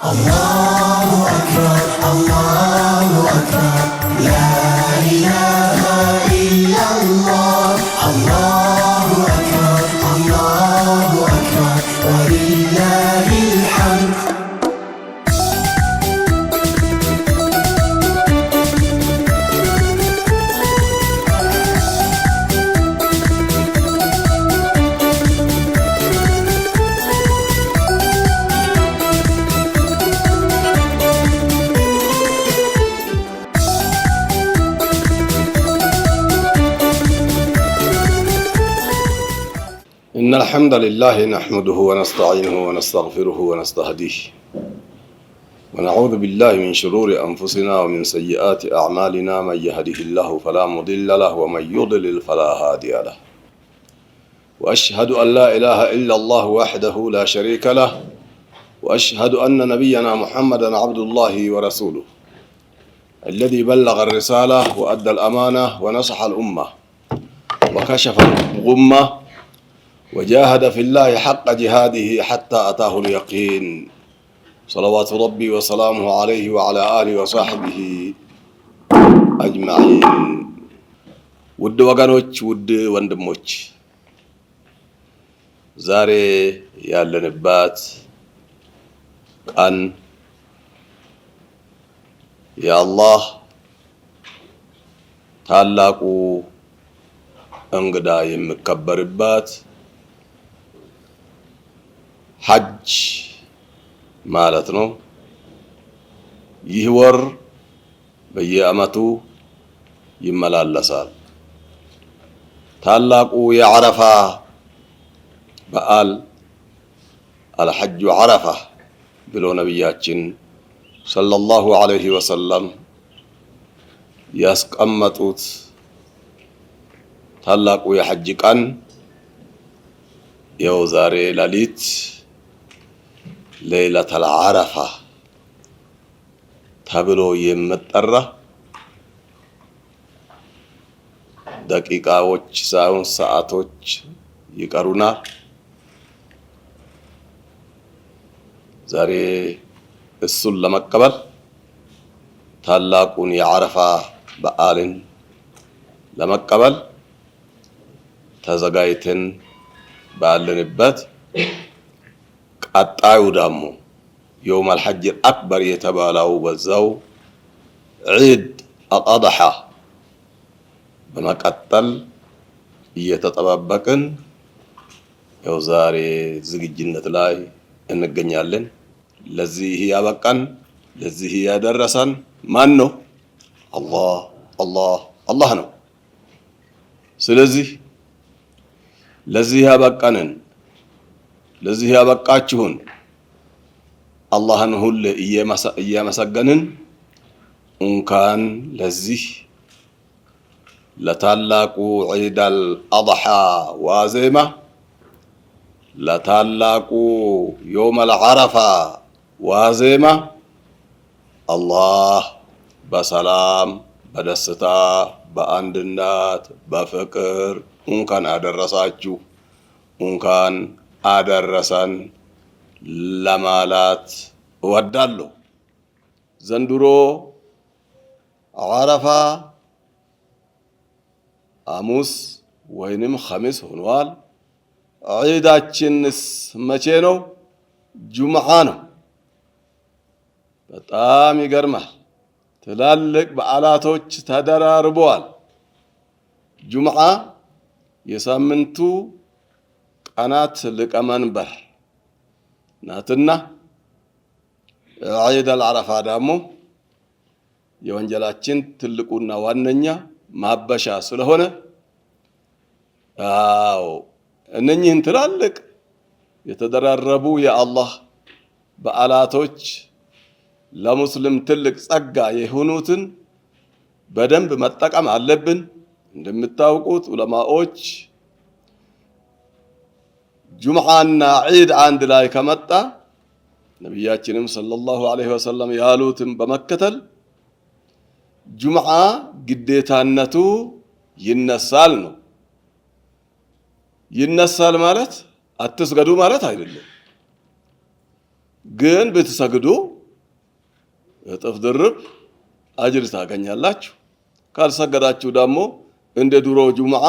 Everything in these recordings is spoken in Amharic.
Allahu Ekber, Allah. الحمد لله نحمده ونستعينه ونستغفره ونستهديه ونعوذ بالله من شرور أنفسنا ومن سيئات أعمالنا من يهده الله فلا مضل له ومن يضلل فلا هادي له وأشهد أن لا إله إلا الله وحده لا شريك له وأشهد أن نبينا محمدا عبد الله ورسوله الذي بلغ الرسالة وأدى الأمانة ونصح الأمة وكشف الغمة وجاهد في الله حق جهاده حتى أتاه اليقين صلوات ربي وسلامه عليه وعلى آله وصحبه አጅማዒን ውድ ወገኖች፣ ውድ ወንድሞች፣ ዛሬ ያለንባት ቀን የአላህ ታላቁ እንግዳ የሚከበርባት ሐጅ ማለት ነው። ይህ ወር በየዓመቱ ይመላለሳል። ታላቁ የዐረፋ በዓል አልሐጁ ዐረፋ ብሎ ነቢያችን ሰለላሁ ዐለይሂ ወሰለም ያስቀመጡት ታላቁ የሐጅ ቀን የው ዛሬ ሌሊት ሌይለተል አረፋ ተብሎ የምጠራ ደቂቃዎች ሳይሆን ሰዓቶች ይቀሩናል። ዛሬ እሱን ለመቀበል ታላቁን የአረፋ በዓልን ለመቀበል ተዘጋጅተን ባለንበት ቀጣዩ ደግሞ የውም አልሐጅል አክበር የተባለው በዛው ዒድ አልአድሓ በመቀጠል እየተጠባበቅን ያው ዛሬ ዝግጅነት ላይ እንገኛለን። ለዚህ ያበቃን ለዚህ ያደረሰን ማን ነው? አላህ አላህ አላህ ነው። ስለዚህ ለዚህ ያበቃንን ለዚህ ያበቃችሁን አላህን ሁሌ እያመሰገንን እንኳን ለዚህ ለታላቁ ዒድ አልአድሓ ዋዜማ ለታላቁ ዮውም አልዓረፋ ዋዜማ አላህ በሰላም በደስታ በአንድነት በፍቅር እንኳን አደረሳችሁ እንኳን አደረሰን ለማላት እወዳለሁ። ዘንድሮ አረፋ ሐሙስ ወይንም ኸሚስ ሆኗል። ዒዳችንስ መቼ ነው? ጁምዓ ነው። በጣም ይገርማል። ትላልቅ በዓላቶች ተደራርበዋል። ጁምዓ የሳምንቱ ካህናት ሊቀመንበር ናትና ዒድ አልዓረፋ ደግሞ የወንጀላችን ትልቁና ዋነኛ ማበሻ ስለሆነ አዎ እነኚህን ትላልቅ የተደራረቡ የአላህ በዓላቶች ለሙስሊም ትልቅ ጸጋ የሆኑትን በደንብ መጠቀም አለብን። እንደምታውቁት ዑለማዎች ጁምዓና ዒድ አንድ ላይ ከመጣ ነቢያችንም ሰለላሁ ዐለይሂ ወሰለም ያሉትን በመከተል ጁምዓ ግዴታነቱ ይነሳል ነው። ይነሳል ማለት አትስገዱ ማለት አይደለም። ግን ብትሰግዱ እጥፍ ድርብ አጅር ታገኛላችሁ። ካልሰገዳችሁ ደግሞ እንደ ድሮ ጁምዓ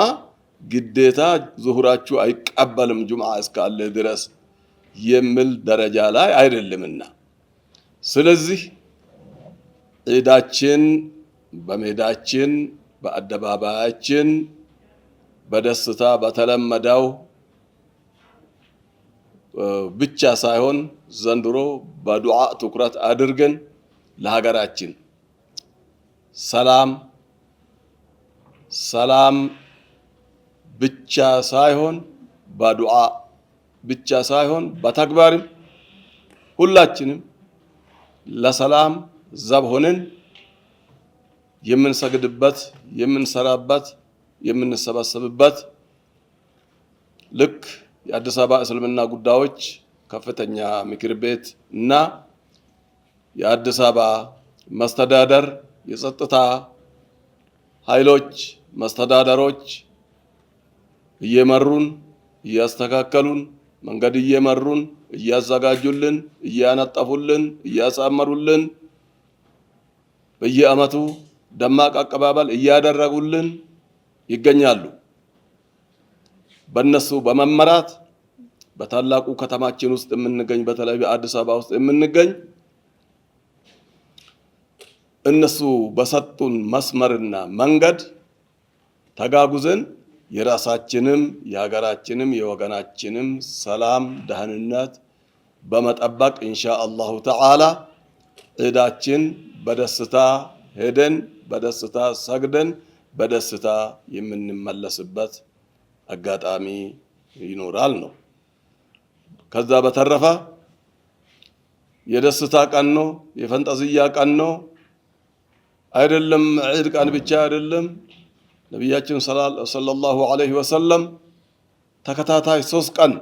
ግዴታ ዙሁራችሁ አይቀበልም ጁምዓ እስካለ ድረስ የሚል ደረጃ ላይ አይደለምና፣ ስለዚህ ዒዳችን በሜዳችን፣ በአደባባያችን፣ በደስታ በተለመደው ብቻ ሳይሆን ዘንድሮ በዱዓ ትኩረት አድርገን ለሀገራችን ሰላም ሰላም ብቻ ሳይሆን በዱዓ ብቻ ሳይሆን በተግባርም ሁላችንም ለሰላም ዘብ ሆነን የምንሰግድበት፣ የምንሰራበት፣ የምንሰባሰብበት ልክ የአዲስ አበባ እስልምና ጉዳዮች ከፍተኛ ምክር ቤት እና የአዲስ አበባ መስተዳደር የጸጥታ ኃይሎች መስተዳደሮች እየመሩን እያስተካከሉን መንገድ እየመሩን እያዘጋጁልን እያነጠፉልን እያሳመሩልን በየዓመቱ ደማቅ አቀባበል እያደረጉልን ይገኛሉ። በእነሱ በመመራት በታላቁ ከተማችን ውስጥ የምንገኝ በተለይ በአዲስ አበባ ውስጥ የምንገኝ እነሱ በሰጡን መስመርና መንገድ ተጋጉዘን የራሳችንም የሀገራችንም የወገናችንም ሰላም ደህንነት በመጠበቅ እንሻ አላሁ ተዓላ ዒዳችን በደስታ ሄደን በደስታ ሰግደን በደስታ የምንመለስበት አጋጣሚ ይኖራል ነው። ከዛ በተረፈ የደስታ ቀን ነው፣ የፈንጠዝያ ቀን ነው። አይደለም ዒድ ቀን ብቻ አይደለም። ነቢያችን ሰለላሁ ዐለይሂ ወሰለም ተከታታይ ሶስት ቀን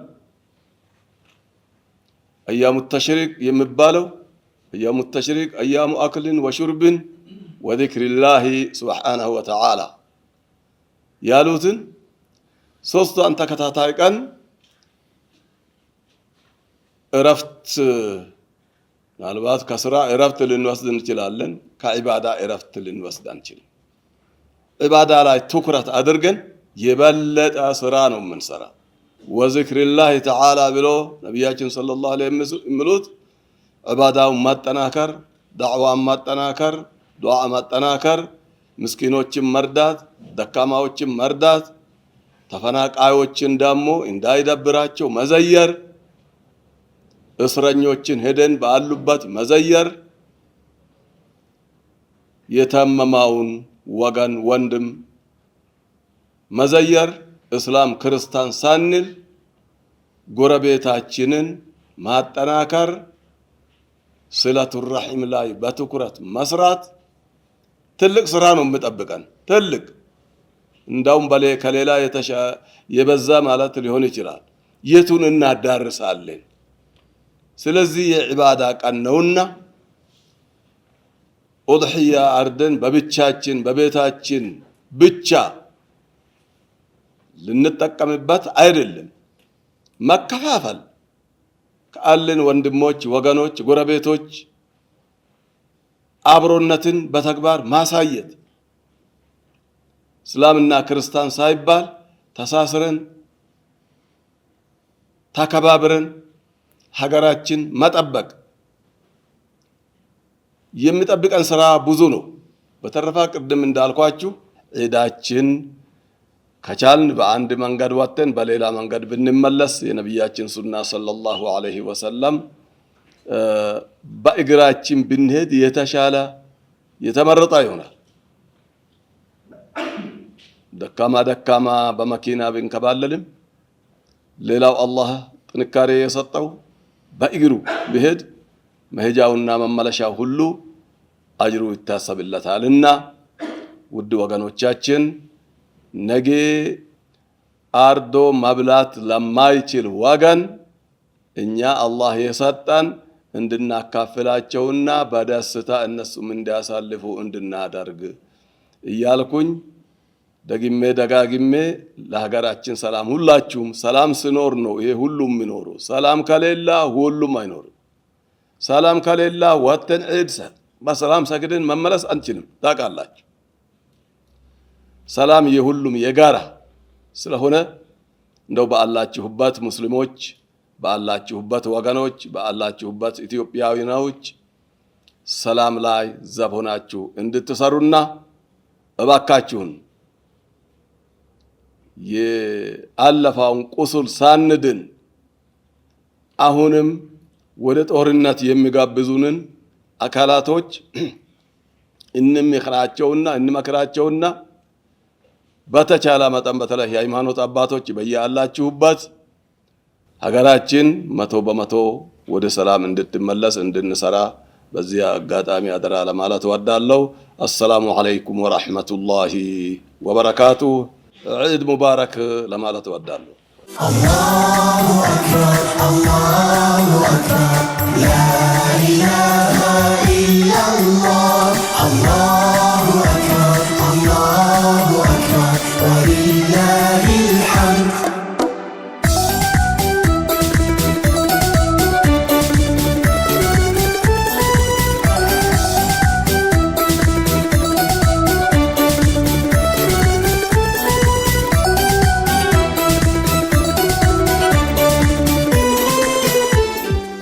አያሙ ተሽሪቅ የሚባለው አያሙ ተሽሪቅ አያሙ አክልን ወሹርብን ወዚክሪላሂ ሱብሓነሁ ወተዓላ ያሉትን ሶስቷን ተከታታይ ቀን እረፍት ምናልባት ከስራ እረፍት ልንወስድ እንችላለን። ከዒባዳ እረፍት ልንወስድ አንችልም። ዕባዳ ላይ ትኩረት አድርገን የበለጠ ስራ ነው የምንሰራ። ወዝክርላህ ተዓላ ብሎ ነቢያችን ሰለላሁ ዐለይሂ የሚሉት ዕባዳውን ማጠናከር፣ ዳዕዋን ማጠናከር፣ ዱዓ ማጠናከር፣ ምስኪኖችን መርዳት፣ ደካማዎችን መርዳት፣ ተፈናቃዮችን ደግሞ እንዳይደብራቸው መዘየር፣ እስረኞችን ሄደን ባሉበት መዘየር የተመማውን ወገን፣ ወንድም መዘየር እስላም ክርስታን ሳንል ጎረቤታችንን ማጠናከር፣ ስለቱ ረሒም ላይ በትኩረት መስራት ትልቅ ስራ ነው የምጠብቀን። ትልቅ እንዳውም በሌ ከሌላ የበዛ ማለት ሊሆን ይችላል። የቱን እናዳርሳለን? ስለዚህ የዒባዳ ቀን ነውና ኦድሕያ አርደን በብቻችን በቤታችን ብቻ ልንጠቀምበት አይደለም። መከፋፈል ካለን ወንድሞች፣ ወገኖች፣ ጎረቤቶች አብሮነትን በተግባር ማሳየት እስላምና ክርስቲያን ሳይባል ተሳስረን ተከባብረን ሀገራችን መጠበቅ የሚጠብቀን ስራ ብዙ ነው። በተረፈ ቅድም እንዳልኳችሁ ዒዳችን ከቻልን በአንድ መንገድ ወጥተን በሌላ መንገድ ብንመለስ የነቢያችን ሱና ሰለላሁ ዐለይሂ ወሰለም በእግራችን ብንሄድ የተሻለ የተመረጠ ይሆናል። ደካማ ደካማ በመኪና ብንከባለልም ሌላው አላህ ጥንካሬ የሰጠው በእግሩ ብሄድ መሄጃውና መመለሻው ሁሉ አጅሩ ይታሰብለታልና ውድ ወገኖቻችን ነገ አርዶ መብላት ለማይችል ወገን እኛ አላህ የሰጠን እንድናካፍላቸውና በደስታ እነሱም እንዲያሳልፉ እንድናደርግ እያልኩኝ ደግሜ ደጋግሜ ለሀገራችን ሰላም ሁላችሁም ሰላም ሲኖር ነው ይሄ ሁሉም የሚኖሩ። ሰላም ከሌላ ሁሉም አይኖርም። ሰላም ከሌላ ወተን ዒድ በሰላም ሰግድን መመለስ አንችልም። ታውቃላችሁ፣ ሰላም የሁሉም የጋራ ስለሆነ እንደው በአላችሁበት ሙስሊሞች፣ በአላችሁበት ወገኖች፣ በአላችሁበት ኢትዮጵያዊኖች ሰላም ላይ ዘብ ሆናችሁ እንድትሰሩና እባካችሁን የአለፋውን ቁስል ሳንድን አሁንም ወደ ጦርነት የሚጋብዙንን አካላቶች እንምክራቸውና እንመክራቸውና በተቻለ መጠን በተለይ የሃይማኖት አባቶች በያላችሁበት ሀገራችን መቶ በመቶ ወደ ሰላም እንድትመለስ እንድንሰራ በዚህ አጋጣሚ አደራ ለማለት ወዳለው። አሰላሙ አለይኩም ወራህመቱላሂ ወበረካቱ። ዒድ ሙባረክ ለማለት ወዳለሁ። Allahu Akbar, Allahu Akbar, La ilaha illallah, Allahu Akbar, Allahu Akbar, wa lillahi